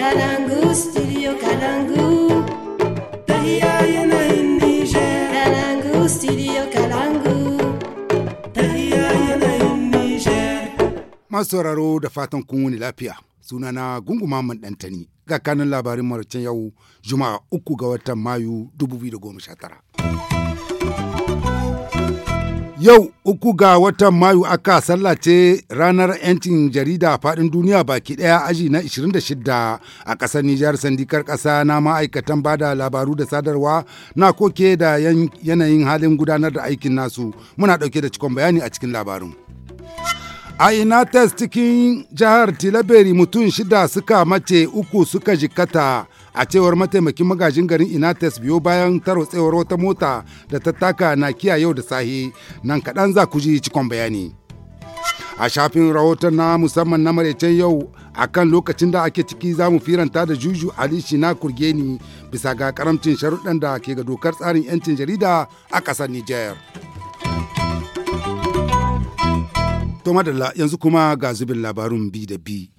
Kalangu, studio Kalangu. Tahiya yanayin Niger. Kalangu, studio Kalangu. Tahiya yanayin Niger. Masu sauraro da fatan kun wuni lafiya. Sunana gunguma mun ɗantani. Ga kanin labarin maraicen yau Juma'a uku ga watan Mayu 2019. Yau uku ga watan Mayu aka sallace ranar 'yancin jarida faɗin duniya baki ɗaya aji na 26 a ƙasar Nijar sandikar ƙasa na ma'aikatan bada labaru da sadarwa na koke da yanayin halin gudanar da aikin nasu muna ɗauke da cikon bayani a cikin labarin. A ina cikin jihar Tilaberi mutum shida suka mace uku suka jikata. a cewar mataimakin magajin garin inates biyo bayan tarotsewar wata mota da ta taka na yau da sahi nan kaɗan za ku ji cikon bayani a shafin rahoton na musamman na maraicen yau a kan lokacin da ake ciki za mu firanta da juju alishi na kurgeni bisa ga karamcin sharuɗan da ke ga dokar tsarin 'yancin jarida a ƙasar niger to madalla yanzu kuma ga zubin labarun bi da bi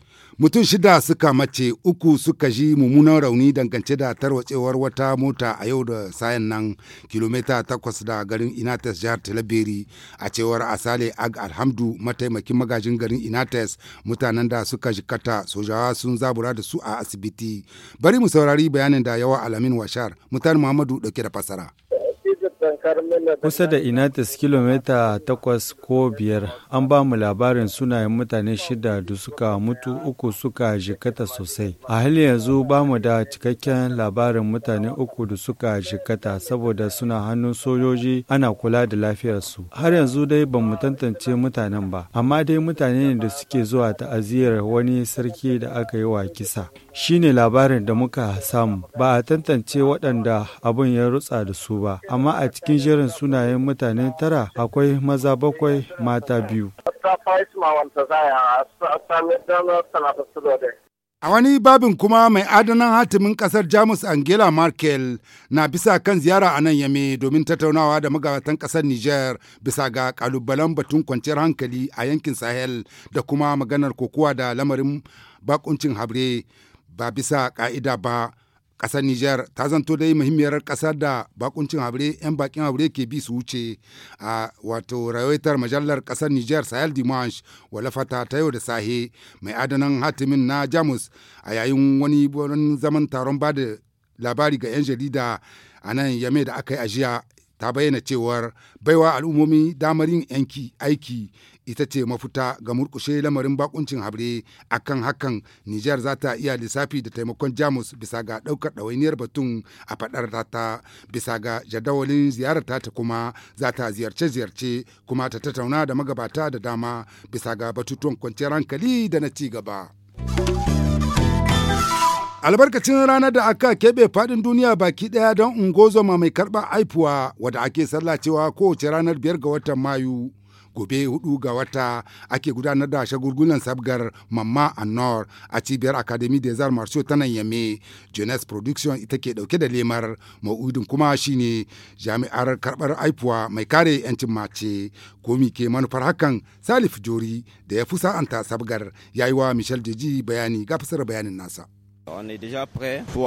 mutum shida suka mace uku suka ji mummunan rauni dangance da tarwacewar wata mota a yau da sayan nan kilomita takwas da garin inates jihar talabiri a cewar asale ag alhamdu mataimakin magajin garin inates mutanen da suka jikata sojawa sun zabura da su a asibiti bari mu saurari bayanin da yawa alamin washar mutan muhammadu dauke da fasara Kusa da Inatis kilomita takwas ko biyar an ba mu labarin sunayen mutane shida da suka mutu uku suka jikata sosai. A halin yanzu ba mu da cikakken labarin mutane uku da suka jikata saboda suna hannun sojoji ana kula da lafiyarsu. Har yanzu dai ba mu tantance mutanen ba, amma dai mutane ne da suke zuwa ta'aziyar wani sarki da aka yi wa kisa. shi ne labarin da muka samu ba a tantance waɗanda abin ya rutsa da su ba amma a cikin jerin sunayen mutane tara akwai maza bakwai mata biyu A wani babin kuma mai adanan hatimin kasar Jamus Angela Merkel na bisa kan ziyara a nan yame domin tattaunawa da magabatan kasar Niger bisa ga kalubalen batun kwanciyar hankali a yankin Sahel da kuma maganar kokowa da lamarin bakuncin habre. ba bisa ka'ida ba ƙasar Nijar ta zanto dai muhimmiyar ƙasa da bakuncin habre 'yan bakin habre ke bi su wuce a wato rawaitar majalar ƙasar Nijar Sahel wala walafata ta yau da sahe mai adanan hatimin na Jamus a yayin wani zaman taron ba da labari ga 'yan jarida a nan yame da aka yi ajiya ta bayyana cewar baiwa al'ummomi damar yin aiki ita ce mafuta ga murkushe lamarin bakuncin habre akan hakan Nijar za ta iya lissafi da taimakon Jamus bisa ga ɗaukar ɗawainiyar batun a faɗar ta bisa ga jadawalin ziyararta ta kuma za ta ziyarce-ziyarce kuma ta tattauna da magabata da dama bisa ga batutuwan kwanciyar hankali da na ci gaba. albarkacin ranar da aka keɓe faɗin duniya baki ɗaya don ungozoma mai karɓar aifuwa wadda ake sallacewa kowace ranar biyar ga watan mayu gobe hudu ga wata ake gudanar da shagulgulan sabgar mamma annor a cibiyar academy des arts martiaux ta nan yame jones production ita ke dauke da lemar ma'udin kuma shine jami'ar karbar aifuwa mai kare yancin mace komi ke manufar hakan salif jori da ya fusa anta sabgar yayi wa michel jeji bayani ga fasar bayanin nasa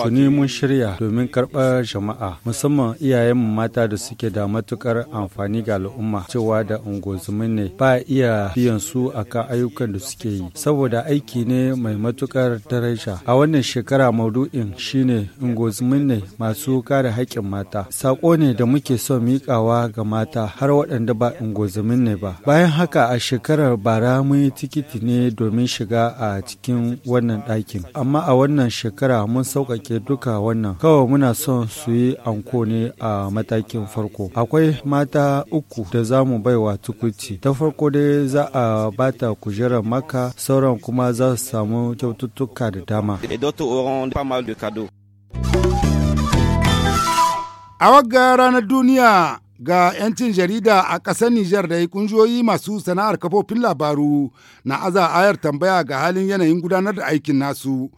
Tuni mun shirya domin karɓar jama'a musamman iyayen mata da suke da matukar amfani ga al'umma cewa da ungozumin ne ba iya biyan su akan ayyukan da suke yi saboda aiki ne mai matukar daraja. A wannan shekara maudu'in shine ungozumin ne masu kare haƙƙin mata. Sako ne da muke son miƙawa ga mata har waɗanda ba ungozumin ne ba. Bayan haka a shekarar bara mun yi tikiti ne domin shiga a cikin wannan ɗakin. Amma a wannan shekara mun sauƙaƙe duka wannan kawai muna son su yi anko ne a matakin farko akwai mata uku da za mu baiwa tukuci ta farko dai za a bata kujerar maka sauran kuma za su samu kyaututtuka da dama a wagga ranar duniya ga 'yancin jarida a ƙasar Nijar da kungiyoyi masu sana'ar kafofin labaru na aza ayar tambaya ga halin yanayin gudanar da aikin nasu.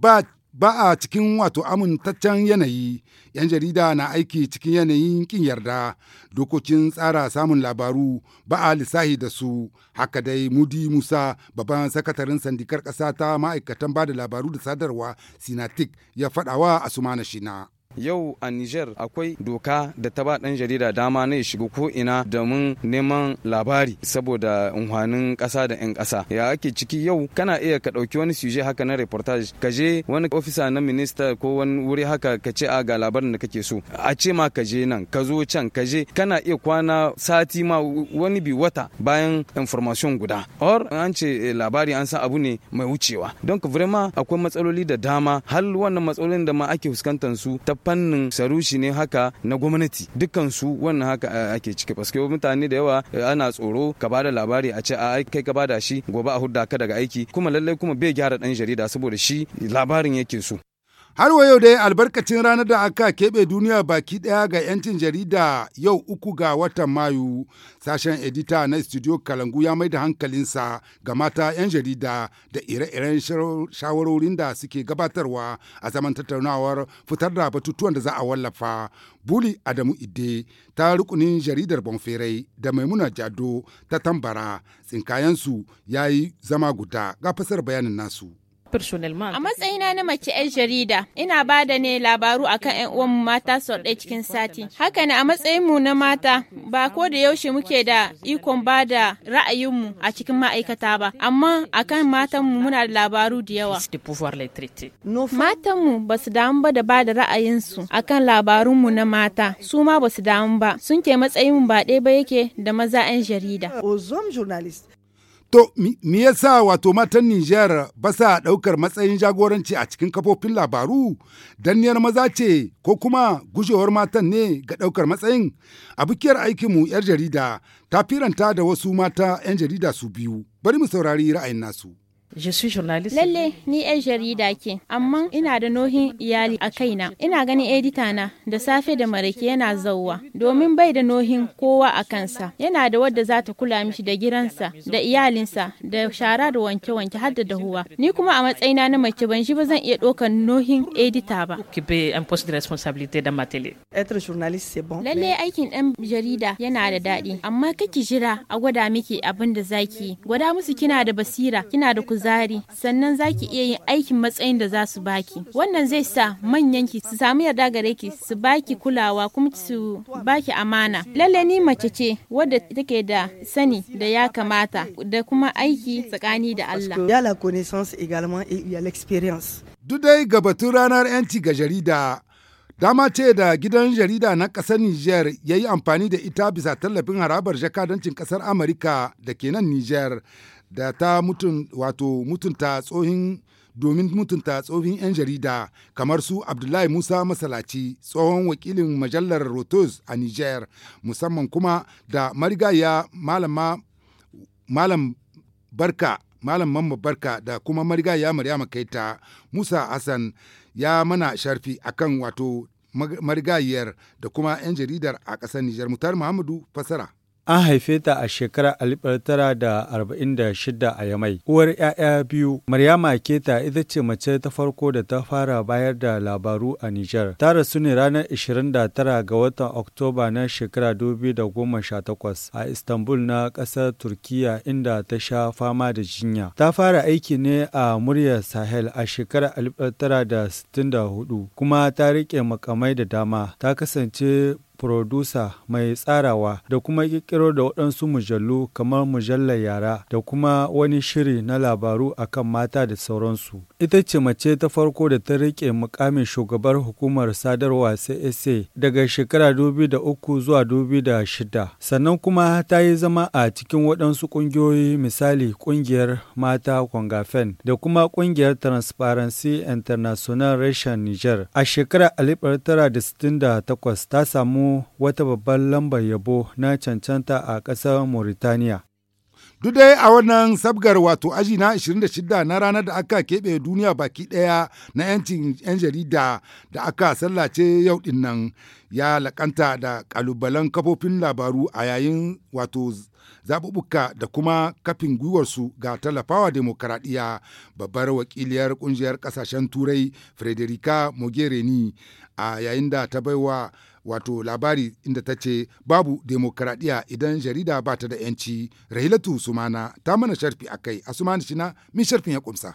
ba a cikin wato amintaccen yanayi yan jarida na aiki cikin yanayin kin yarda dokokin tsara samun labaru ba a lissahi da su haka dai mudi musa babban sakataren sandikar ƙasa ta ma'aikatan ba da labaru da sadarwa sinatik ya faɗawa a sumana shina yau a Niger akwai doka da ta ba dan jarida dama na ya shiga ko ina domin neman labari saboda unhwanin kasa da 'yan ƙasa ya ake ciki yau kana iya ka ɗauki wani suje haka na reportage ka je wani ofisa na minista ko wani wuri haka ka ce a ga labarin da kake so a ce ma ka je nan ka zo can ka je kana iya kwana sati ma wani bi wata bayan information guda or an ce eh, labari an san abu ne mai wucewa don vraiment akwai matsaloli da dama hal wannan matsalolin da ma ake fuskantar su ta fannin sarushi ne haka na gwamnati dukkan su wannan haka ake ciki paske mutane da yawa eh, ana tsoro ka ba da labari a ce a kai ka bada shi gobe a hudda ka daga aiki kuma lallai kuma bai gyara dan jarida saboda shi labarin yake so Har wa yau dai albarkacin ranar da aka keɓe duniya baki ɗaya ga 'yancin jarida yau uku ga watan Mayu, sashen edita na studio Kalangu ya mai da hankalinsa ga mata 'yan jarida da ire-iren shawarorin da suke gabatarwa a zaman tattaunawar fitar da batutuwan da za a wallafa. Buli Adamu Ide ta rukunin jaridar Bonferai da Maimuna Jado ta tambara tsinkayensu ya yi zama guda ga fasar bayanin nasu. A matsayina na mace 'yan jarida, ina ba da ne labaru akan 'yan uwanmu mata sau ɗaya cikin sati. Haka ne a matsayinmu na mata, ba ko da yaushe muke da ikon ba da ra'ayinmu a cikin ma'aikata ba, amma akan matanmu muna da labaru da yawa. Matanmu ba su damu ba da ba da ra'ayinsu a kan labarunmu na mata, su ma ba su damu ba, sun ke matsayinmu ba ɗaya ba yake da maza 'yan jarida. To, me sa wato matan Nijar ba sa ɗaukar matsayin jagoranci a cikin kafofin labaru? Danniyar maza ce ko kuma gujewar matan ne ga ɗaukar matsayin? A bukiyar aikinmu 'yar jarida ta firanta da wasu mata 'yan jarida su biyu. Bari mu saurari ra'ayin nasu. Je suis journaliste. Lalle ni yan jarida ke, amma ina da nohin iyali a kaina. Ina ganin edita na da safe da marake yana zauwa, domin bai da nohin kowa a kansa. Yana da wadda za ta kula mishi da sa da iyalinsa, da shara da wanke-wanke har da dahuwa. Ni kuma a matsayina na mace ban shi ba zan iya ɗaukar nohin edita ba. Ki Lalle aikin ɗan jarida yana da daɗi, amma kake jira a gwada miki abin da zaki. Gwada musu kina da basira, kina da kuzari. kuzari sannan zaki iya yin aikin matsayin da za su baki wannan zai sa manyan ki su samu yarda gare ki su baki kulawa kuma su baki amana lalle ni mace ce wadda take da sani da ya kamata da kuma aiki tsakani da Allah ya la connaissance également et il y a l'expérience duk dai ga batun ranar yanci ga jarida dama ce da gidan jarida na ƙasar Nijar ya yi amfani da ita bisa tallafin harabar jakadancin ƙasar Amurka da ke nan Nijar da ta mutun wato mutunta tsohin domin mutunta tsohin 'yan jarida kamar su abdullahi musa masalaci tsohon wakilin majalar rotos a niger musamman kuma da marigaya malam barka malam mamma barka da kuma marigaya maryama kaita musa hassan ya mana sharfi akan wato marigayar da kuma 'yan jaridar a ƙasar niger mutar muhammadu fasara An haife ta a shekarar 1946 a Yamai. Uwar 'ya'ya biyu, Maryama Keta ita ce mace ta farko da ta fara bayar da labaru a Nijar. Ta rasu ne ranar 29 ga watan Oktoba na shekara 2018 a Istanbul na ƙasar Turkiya inda ta sha fama da jinya. Ta fara aiki ne a Murya Sahel a shekarar 1964 kuma ta riƙe makamai da dama. Ta kasance furodusa mai tsarawa da kuma ƙirƙirar da waɗansu mujallu kamar mujallar yara da kuma wani shiri na labaru akan mata da sauransu. Ita ce mace ta farko da ta riƙe mukamin shugabar hukumar sadarwa CSA daga shekara uku zuwa shida Sannan kuma ta yi zama a cikin waɗansu ƙungiyoyi misali ƙungiyar mata Kwangafen da kuma ƙungiyar Transparency International Russian Niger. A shekarar 1968 ta samu wata babban lambar yabo na cancanta a ƙasar Mauritania. Duk dai a wannan sabgar wato aji na 26 na ranar da aka keɓe duniya baki ɗaya na 'yancin 'yan jarida da aka sallace yau ɗin nan ya laƙanta da ƙalubalen kafofin labaru a yayin wato zaɓuɓɓuka da kuma kafin gwiwarsu ga tallafawa demokaraɗiyya babbar wakiliyar ƙungiyar ƙasashen turai frederica mogherini a yayin da ta baiwa wato labari inda ta ce babu demokaradiyya idan jarida ba ta da 'yanci rahilatu sumana ta mana sharfi a akai shi na min sharfin ya kumsa.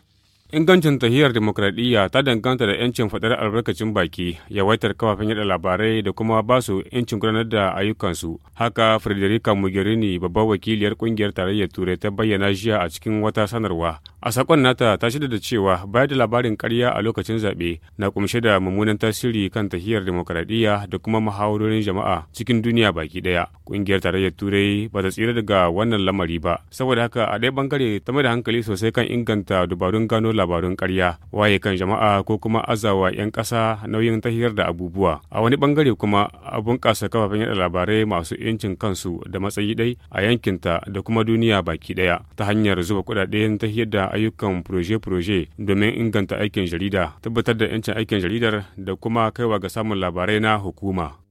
Ingancin tahiyar demokradiyya ta danganta da 'yancin faɗar albarkacin baki, yawaitar kafafen yada labarai da kuma basu su 'yancin gudanar da ayyukansu. Haka Frederica Mogherini, babbar wakiliyar kungiyar tarayyar Turai ta bayyana jiya a cikin wata sanarwa. A sakon nata ta shida da cewa bayar da labarin karya a lokacin zaɓe na kumshe da mummunan tasiri kan tahiyar demokradiyya da kuma muhawarorin jama'a cikin duniya baki ɗaya. Kungiyar tarayyar Turai ba ta tsira daga wannan lamari ba, saboda haka a ɗaya bangare ta mai da hankali sosai kan inganta dubarun gano labarai labarun karya waye kan jama'a ko kuma azawa 'yan ƙasa nauyin tahiyar da abubuwa a wani bangare kuma a bunƙasa kafafen yada labarai masu 'yancin kansu da matsayi ɗai a yankinta da kuma duniya baki ɗaya ta hanyar zuba kuɗaɗen tahiyar da ayyukan proje-proje domin inganta aikin jarida tabbatar da 'yancin aikin jaridar da kuma kaiwa ga samun labarai na hukuma.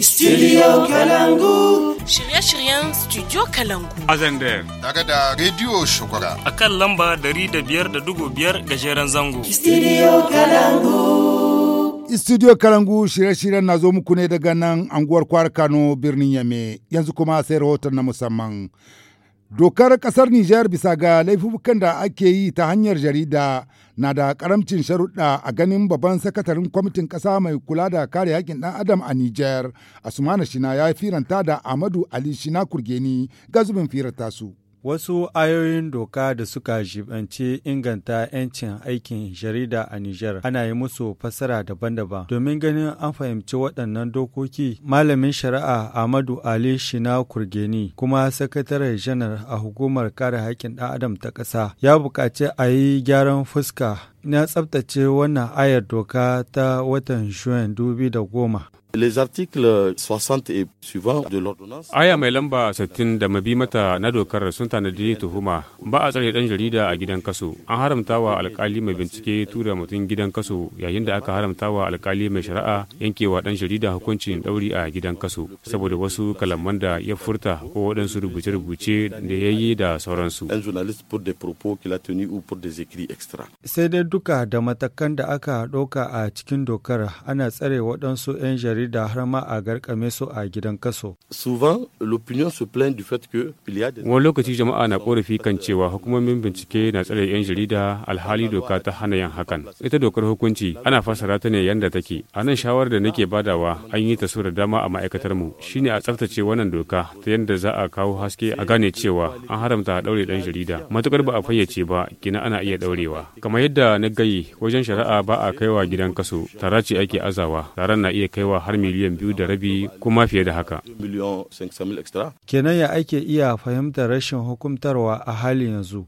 Studio Kalangu. Shirye-shiryen Studio Kalangu. A Zander. Tare da Radio Shukura. A kan lamba dari da da biyar gajeren zango. Studio Kalangu. Studio Kalangu shirye-shiryen na zo muku ne daga nan anguwar kwar Kano birnin Yame. Yanzu kuma sai rahoton na musamman. Dokar ƙasar Nijar bisa ga laifukan da ake yi ta hanyar jarida na da karamcin sharuɗa a ganin babban sakataren kwamitin ƙasa mai kula da kare haƙƙin ɗan adam a Nijar, Asumana Shina ya firanta da Amadu Ali Shina Kurgeni ga zubin firar tasu. Wasu ayoyin doka da suka jibanci inganta 'yancin aikin jarida a Nijar ana yi musu fasara daban-daban. Domin ganin an fahimci waɗannan dokoki, malamin shari'a Ahmadu Ali Shina Kurgeni kuma Sakatare janar a hukumar kare haƙƙin ɗan adam ta ƙasa ya buƙaci a yi gyaran fuska na tsabtace wannan ayar doka ta watan da goma. Les articles 60 et suivant de l'ordonnance. Aya mai lamba 60 da mabi mata na dokar sun tanadi tuhuma ba a tsare dan jarida a gidan kaso. An haramta wa alkali mai bincike tura mutum gidan kaso yayin da aka haramta wa alkali mai shari'a yankewa dan jarida hukuncin dauri a gidan kaso saboda wasu kalaman da ya furta ko waɗansu rubuce-rubuce da ya yi da sauransu. Sai dai duka da matakan da aka ɗauka a cikin dokar ana tsare waɗansu 'yan jarida da har ma a garkame su a gidan kaso. Souvent, l'opinion se plaint du fait que il y a des... Wani lokaci jama'a na korafi kan cewa hukumomin bincike na tsare 'yan jarida alhali doka ta hana yin hakan. Ita dokar hukunci ana fassara ta ne yanda take. A nan shawarar da nake badawa an yi ta so da dama a ma'aikatar mu shine a tsaftace wannan doka ta yanda za a kawo haske a gane cewa an haramta a daure dan jarida. Matukar ba a fayyace ba kina ana iya daurewa. Kamar yadda na gayi wajen shari'a ba a kaiwa gidan kaso tara ake azawa taron na iya kaiwa har har miliyan biyu da rabi kuma fiye da haka. Kenan ya ake iya fahimtar rashin hukuntarwa a halin yanzu?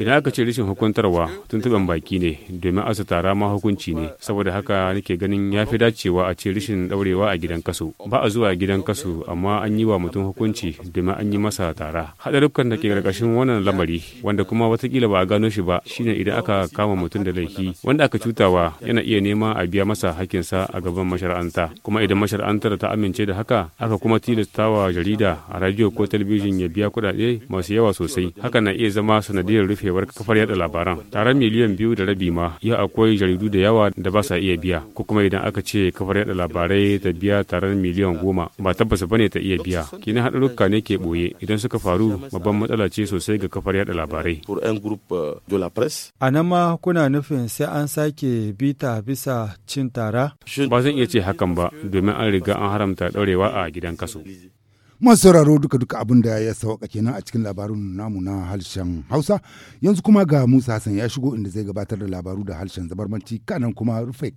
Idan aka ce rashin hukuntarwa tun tuntuɓen baki ne domin asa tara ma hukunci ne saboda haka nake ganin ya fi dacewa a ce rashin ɗaurewa a gidan kaso. Ba a zuwa gidan kaso amma an yi wa mutum hukunci domin an yi masa tara. Haɗarurrukan da ke ƙarƙashin wannan lamari wanda kuma watakila ba a gano shi ba shine idan aka kama mutum da laifi wanda aka cutawa yana iya nema a biya masa hakkin sa a gaban mashara'anta kuma idan mashara'antar ta amince da haka aka kuma tilasta wa jarida a radio ko talabijin ya biya kuɗaɗe masu yawa sosai haka na iya zama sanadiyar rufewar kafar yada labaran tare miliyan biyu da rabi ma ya akwai jaridu da yawa da ba sa iya biya ko kuma idan aka ce kafar yada labarai ta biya taron miliyan goma ba tabbas ba ne ta iya biya kina haɗarurruka ne ke ɓoye idan suka faru babban matsala ce sosai ga kafar yada labarai euh, a nan ma kuna nufin sai an sake bita bisa cin tara Ba zan iya ce hakan ba domin an riga an haramta ɗaurewa a gidan kaso. masu sauraro duka duka abin da ya sauka kenan a cikin labarun namu na harshen hausa yanzu kuma ga musa hassan ya shigo inda zai gabatar da labaru da harshen zabarmanci kanan kuma rufe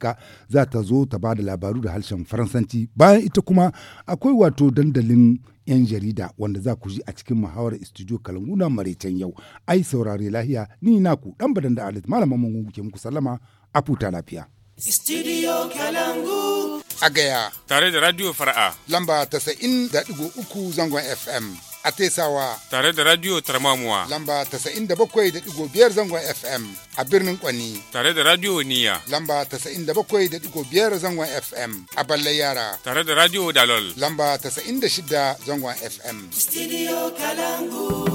za ta zo ta ba da labaru da harshen faransanci bayan ita kuma akwai wato dandalin yan jarida wanda za ku ji a cikin muhawar studio kalanguna maraicen yau ai saurare lahiya ni naku dan badan da alit malaman mun ke muku sallama a futa lafiya Studio Kalangu. A gaya. Tare da Radio Fara'a. Lamba tasa'in da digo uku zangon FM. A Tesawa. Tare da Radio Tarmamuwa. Lamba tasa'in da bakwai da digo biyar zangon FM. A birnin Kwani. Tare da Radio Niya. Lamba tasa'in da bakwai da digo biyar zangon FM. A Balle Yara. Tare da Radio Dalol. Lamba tasa'in da shida zangon FM. Studio Kalangu.